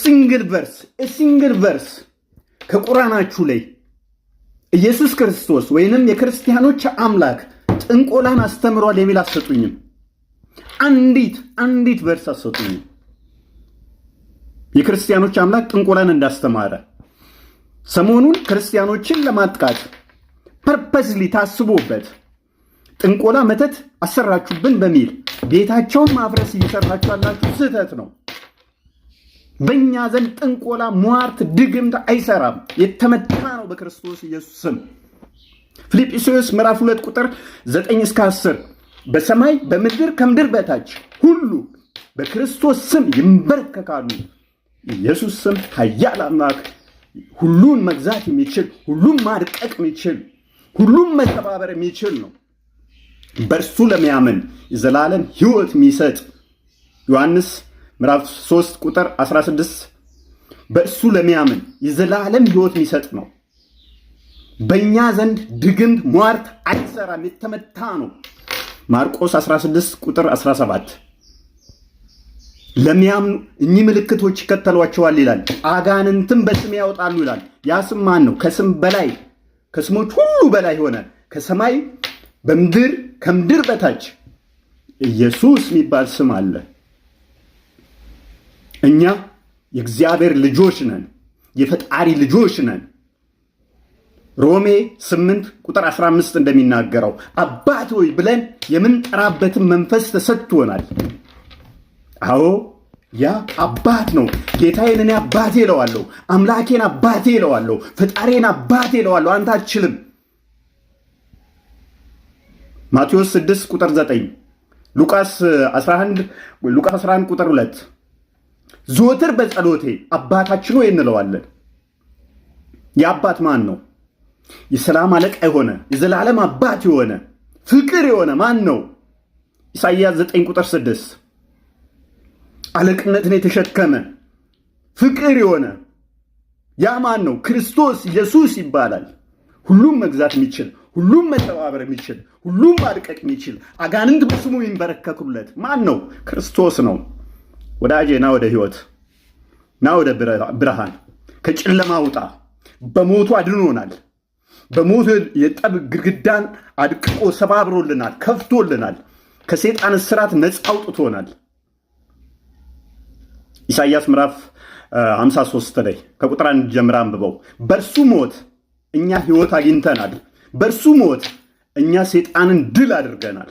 ሲንግል ቨርስ ሲንግል ቨርስ ከቁራናችሁ ላይ ኢየሱስ ክርስቶስ ወይንም የክርስቲያኖች አምላክ ጥንቆላን አስተምሯል የሚል አሰጡኝም። አንዲት አንዲት ቨርስ አሰጡኝም። የክርስቲያኖች አምላክ ጥንቆላን እንዳስተማረ ሰሞኑን ክርስቲያኖችን ለማጥቃት ፐርፐስሊ ታስቦበት ጥንቆላ መተት አሰራችሁብን በሚል ቤታቸውን ማፍረስ እየሰራችሁ ያላችሁ ስህተት ነው። በእኛ ዘንድ ጥንቆላ፣ ሟርት፣ ድግምት አይሰራም። የተመታ ነው በክርስቶስ ኢየሱስ ስም። ፊልጵስዩስ ምዕራፍ 2 ቁጥር 9 እስከ 10 በሰማይ በምድር ከምድር በታች ሁሉ በክርስቶስ ስም ይንበረከካሉ። ኢየሱስ ስም ኃያል አምላክ ሁሉን መግዛት የሚችል ሁሉን ማድቀቅ የሚችል ሁሉም መተባበር የሚችል ነው። በእርሱ ለሚያምን የዘላለም ሕይወት የሚሰጥ ዮሐንስ ምዕራፍ 3 ቁጥር 16 በእሱ ለሚያምን የዘላለም ህይወት የሚሰጥ ነው፣ በእኛ ዘንድ ድግም ሟርት አይሰራም፣ የተመታ ነው። ማርቆስ 16 ቁጥር 17 ለሚያምኑ እኚህ ምልክቶች ይከተሏቸዋል ይላል። አጋንንትም በስም ያወጣሉ ይላል። ያ ስም ማን ነው? ከስም በላይ ከስሞች ሁሉ በላይ ሆነ ከሰማይ በምድር ከምድር በታች ኢየሱስ የሚባል ስም አለ። እኛ የእግዚአብሔር ልጆች ነን፣ የፈጣሪ ልጆች ነን። ሮሜ 8 ቁጥር 15 እንደሚናገረው አባት ሆይ ብለን የምንጠራበትን መንፈስ ተሰጥቶናል። አዎ ያ አባት ነው። ጌታዬን እኔ አባቴ እለዋለሁ፣ አምላኬን አባቴ እለዋለሁ፣ ፈጣሪን አባቴ እለዋለሁ። አንተ አትችልም። ማቴዎስ 6 ቁጥር 9 ሉቃስ 11 ሉቃስ 11 ቁጥር 2 ዞትር በጸሎቴ አባታችን ወይ እንለዋለን። የአባት ማን ነው? የሰላም አለቃ የሆነ የዘላለም አባት የሆነ ፍቅር የሆነ ማን ነው? ኢሳይያስ 9 ቁጥር 6 አለቅነትን የተሸከመ ፍቅር የሆነ ያ ማን ነው? ክርስቶስ ኢየሱስ ይባላል። ሁሉም መግዛት የሚችል ሁሉም መተባበር የሚችል ሁሉም ማድቀቅ የሚችል አጋንንት በስሙ የሚንበረከኩለት ማን ነው? ክርስቶስ ነው። ወዳጄ ና ወደ ህይወት ና ወደ ብርሃን፣ ከጨለማ ውጣ። በሞቱ አድኖናል። በሞቱ የጠብ ግድግዳን አድቅቆ ሰባብሮልናል፣ ከፍቶልናል፣ ከሴጣን እስራት ነፃ አውጥቶናል። ኢሳያስ ምዕራፍ 53 ላይ ከቁጥር አንድ ጀምራ አንብበው። በእርሱ ሞት እኛ ህይወት አግኝተናል። በእርሱ ሞት እኛ ሴጣንን ድል አድርገናል።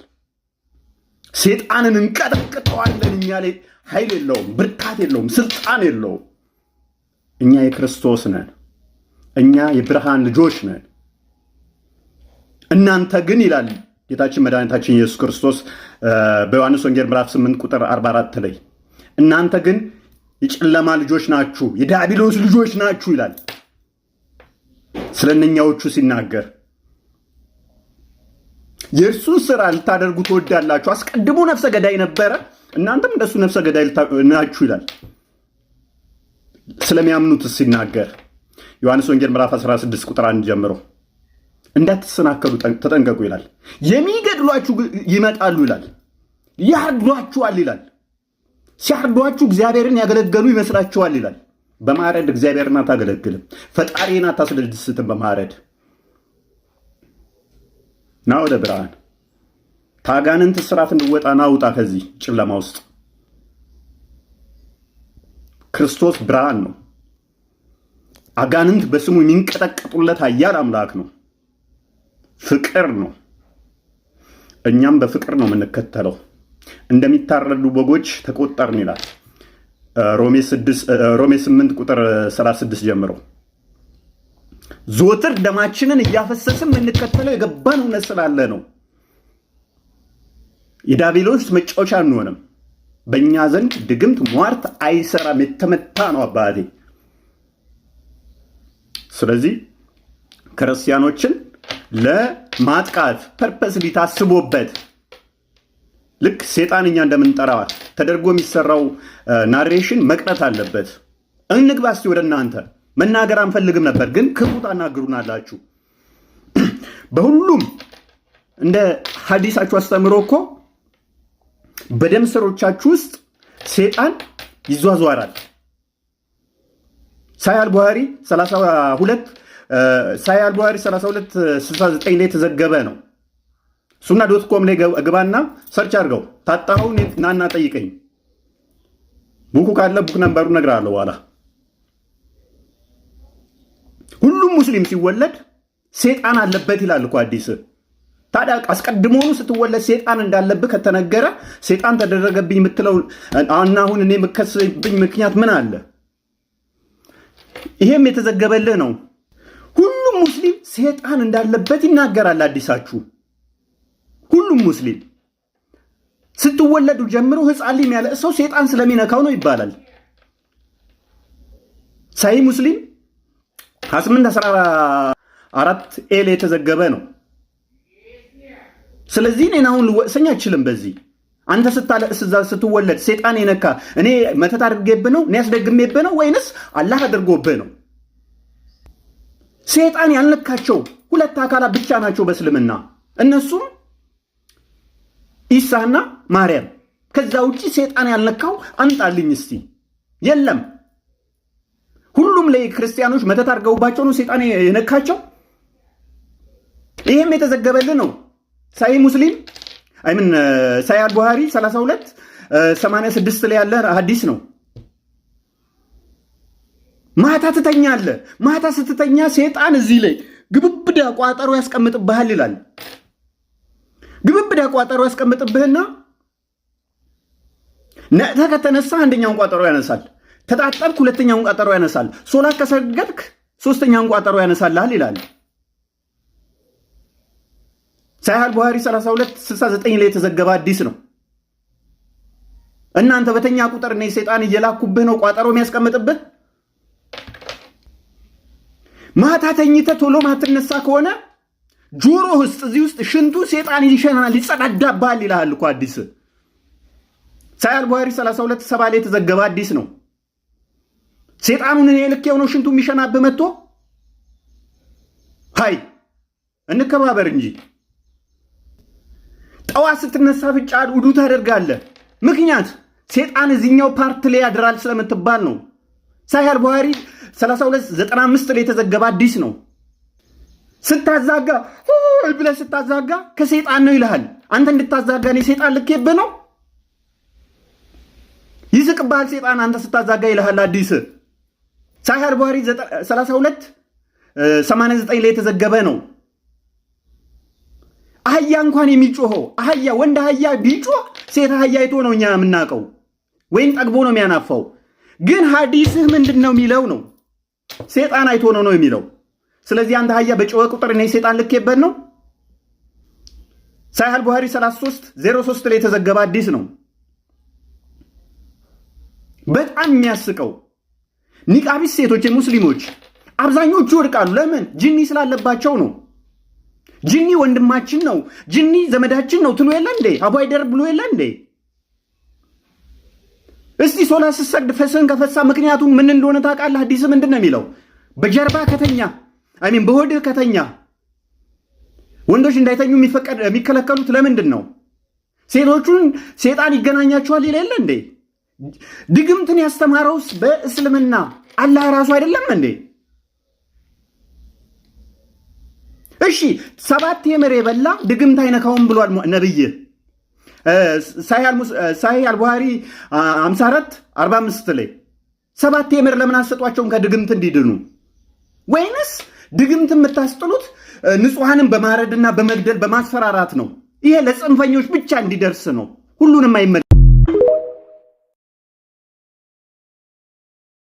ሴጣንን እንቀጠቅጠዋለን። እኛ ላይ ኃይል የለውም፣ ብርታት የለውም፣ ስልጣን የለውም። እኛ የክርስቶስ ነን። እኛ የብርሃን ልጆች ነን። እናንተ ግን ይላል ጌታችን መድኃኒታችን ኢየሱስ ክርስቶስ በዮሐንስ ወንጌል ምዕራፍ 8 ቁጥር 44 ላይ እናንተ ግን የጨለማ ልጆች ናችሁ፣ የዲያብሎስ ልጆች ናችሁ ይላል ስለነኛዎቹ ሲናገር የእርሱን ስራ ልታደርጉ ትወዳላችሁ። አስቀድሞ ነፍሰ ገዳይ ነበረ፣ እናንተም እንደሱ ነፍሰ ገዳይ ናችሁ ይላል። ስለሚያምኑት ሲናገር ዮሐንስ ወንጌል ምዕራፍ 16 ቁጥር 1 ጀምሮ እንዳትሰናከሉ ተጠንቀቁ ይላል። የሚገድሏችሁ ይመጣሉ ይላል፣ ያርዷችኋል ይላል። ሲያርዷችሁ እግዚአብሔርን ያገለገሉ ይመስላችኋል ይላል። በማረድ እግዚአብሔርን አታገለግልም፣ ፈጣሪን አታስደድስትም በማረድ ና ወደ ብርሃን ታጋንንት ስራት እንድወጣ ና ውጣ ከዚህ ጨለማ ውስጥ ክርስቶስ ብርሃን ነው። አጋንንት በስሙ የሚንቀጠቀጡለት ኃያል አምላክ ነው። ፍቅር ነው። እኛም በፍቅር ነው የምንከተለው። እንደሚታረዱ በጎች ተቆጠርን ይላል ሮሜ 8 ቁጥር 36 ጀምረው ዘወትር ደማችንን እያፈሰስን የምንከተለው የገባን እውነት ስላለ ነው። የዳቢሎስ መጫወቻ አንሆንም። በእኛ ዘንድ ድግምት፣ ሟርት አይሰራም። የተመታ ነው አባቴ። ስለዚህ ክርስቲያኖችን ለማጥቃት ፐርፐስ ሊታስቦበት ልክ ሴጣን እኛ እንደምንጠራ ተደርጎ የሚሰራው ናሬሽን መቅረት አለበት። እንግባ እስቲ ወደ እናንተ መናገር አንፈልግም ነበር፣ ግን ክፉ አላችሁ። በሁሉም እንደ ሐዲሳችሁ አስተምሮ እኮ በደም ስሮቻችሁ ውስጥ ሴጣን ይዟዟራል። ሳይ አልቡሃሪ 32 ሳይ አልቡሃሪ 32 69 ላይ የተዘገበ ነው። ሱና ዶት ኮም ላይ ግባና ሰርች አድርገው ታጣኸውን ናና ጠይቀኝ። ቡኩ ካለ ቡክ ነንበሩ እነግርሃለሁ በኋላ ሁሉም ሙስሊም ሲወለድ ሴጣን አለበት ይላል እኮ አዲስ። ታዲያ አስቀድሞኑ ስትወለድ ሴጣን እንዳለብህ ከተነገረ ሴጣን ተደረገብኝ የምትለው እና አሁን እኔ የምከስብኝ ምክንያት ምን አለ? ይሄም የተዘገበልህ ነው። ሁሉም ሙስሊም ሴጣን እንዳለበት ይናገራል አዲሳችሁ። ሁሉም ሙስሊም ስትወለዱ ጀምሮ ህፃን ሊም ያለ ሰው ሴጣን ስለሚነካው ነው ይባላል። ሳይ ሙስሊም 28 14 ኤል የተዘገበ ነው። ስለዚህ እኔን አሁን ልወቅሰኝ አይችልም በዚህ አንተ ስታለቅስ ስትወለድ ሴጣን የነካ እኔ መተት አድርጌብህ ነው እኔ ያስደግሜብህ ነው ወይንስ አላህ አድርጎብህ ነው? ሴጣን ያልነካቸው ሁለት አካላት ብቻ ናቸው በእስልምና እነሱም ኢሳና ማርያም። ከዛ ውጭ ሴጣን ያልነካው አምጣልኝ እስቲ የለም። ሁሉም ላይ ክርስቲያኖች መተት አድርገውባቸው ነው ሴጣን የነካቸው። ይህም የተዘገበልን ነው። ሳይ ሙስሊም አይምን ሳይ አልቡሃሪ 32 86 ላይ ያለ ሀዲስ ነው። ማታ ትተኛ አለ። ማታ ስትተኛ ሴጣን እዚህ ላይ ግብብዳ ቋጠሮ ያስቀምጥብሃል ይላል። ግብብዳ ቋጠሮ ያስቀምጥብህና ነቅተህ ከተነሳ አንደኛውን ቋጠሮ ያነሳል። ተጣጠብክ፣ ሁለተኛውን ቋጠሮ ያነሳል። ሶላት ከሰገድክ ሶስተኛውን ቋጠሮ ያነሳልሃል ይላል። ሳይሃል ቡሃሪ 3269 ላይ የተዘገበ አዲስ ነው። እናንተ በተኛ ቁጥር እኔ ሰይጣን እየላኩብህ ነው ቋጠሮ የሚያስቀምጥብህ። ማታ ተኝተህ ቶሎ ማትነሳ ከሆነ ጆሮ ውስጥ እዚህ ውስጥ ሽንቱ ሴጣን ይሸናል፣ ይጸዳዳብሃል ይልሃል እኮ አዲስ ሳያል ቡሃሪ 3270 ላይ የተዘገበ አዲስ ነው። ሴጣኑን እኔ ልክ የሆነው ሽንቱ የሚሸናብ መጥቶ ሀይ እንከባበር እንጂ ጠዋት ስትነሳ ፍጫ ውዱ ታደርጋለህ። ምክንያት ሴጣን እዚህኛው ፓርት ላይ ያድራል ስለምትባል ነው። ሳያል ባህሪ 3295 ላይ የተዘገበ አዲስ ነው። ስታዛጋ ብለህ ስታዛጋ ከሴጣን ነው ይልሃል። አንተ እንድታዛጋ እኔ ሴጣን ልኬብህ ነው። ይስቅብሃል ሴጣን አንተ ስታዛጋ ይልሃል አዲስ ሳሂህ አልቡኻሪ 32 89 ላይ የተዘገበ ነው። አህያ እንኳን የሚጮኸው አህያ ወንድ አህያ ቢጮህ ሴት አህያ አይቶ ነው እኛ የምናውቀው፣ ወይም ጠግቦ ነው የሚያናፋው። ግን ሀዲስህ ምንድን ነው የሚለው ነው ሴጣን አይቶ ነው ነው የሚለው። ስለዚህ አንድ አህያ በጮኸ ቁጥር እኔ ሴጣን ልኬበት ነው። ሳሂህ አልቡኻሪ 33 03 ላይ የተዘገበ አዲስ ነው። በጣም የሚያስቀው ኒቃቢስ ሴቶች የሙስሊሞች አብዛኞቹ ይወድቃሉ። ለምን? ጅኒ ስላለባቸው ነው። ጅኒ ወንድማችን ነው፣ ጅኒ ዘመዳችን ነው ትሎ የለ እንዴ? አቧይደር ብሎ የለ እንዴ? እስቲ ሶላ ስሰግድ ፈስህን ከፈሳ ምክንያቱም ምን እንደሆነ ታውቃለህ? አዲስ ምንድን ነው የሚለው? በጀርባ ከተኛ አይሚን በሆድህ ከተኛ ወንዶች እንዳይተኙ የሚከለከሉት ለምንድን ነው? ሴቶቹን ሴጣን ይገናኛቸዋል ይለ የለ እንዴ? ድግምትን ያስተማረውስ በእስልምና አላህ ራሱ አይደለም እንዴ? እሺ ሰባት የምር የበላ ድግምት አይነካውም ብሏል ነብይ ሳሂህ አልቡሃሪ 54 45 ላይ ሰባት የምር ለምን አሰጧቸውም ከድግምት እንዲድኑ ወይንስ ድግምት የምታስጥሉት ንጹሐንን በማረድና በመግደል በማስፈራራት ነው? ይሄ ለጽንፈኞች ብቻ እንዲደርስ ነው። ሁሉንም አይመ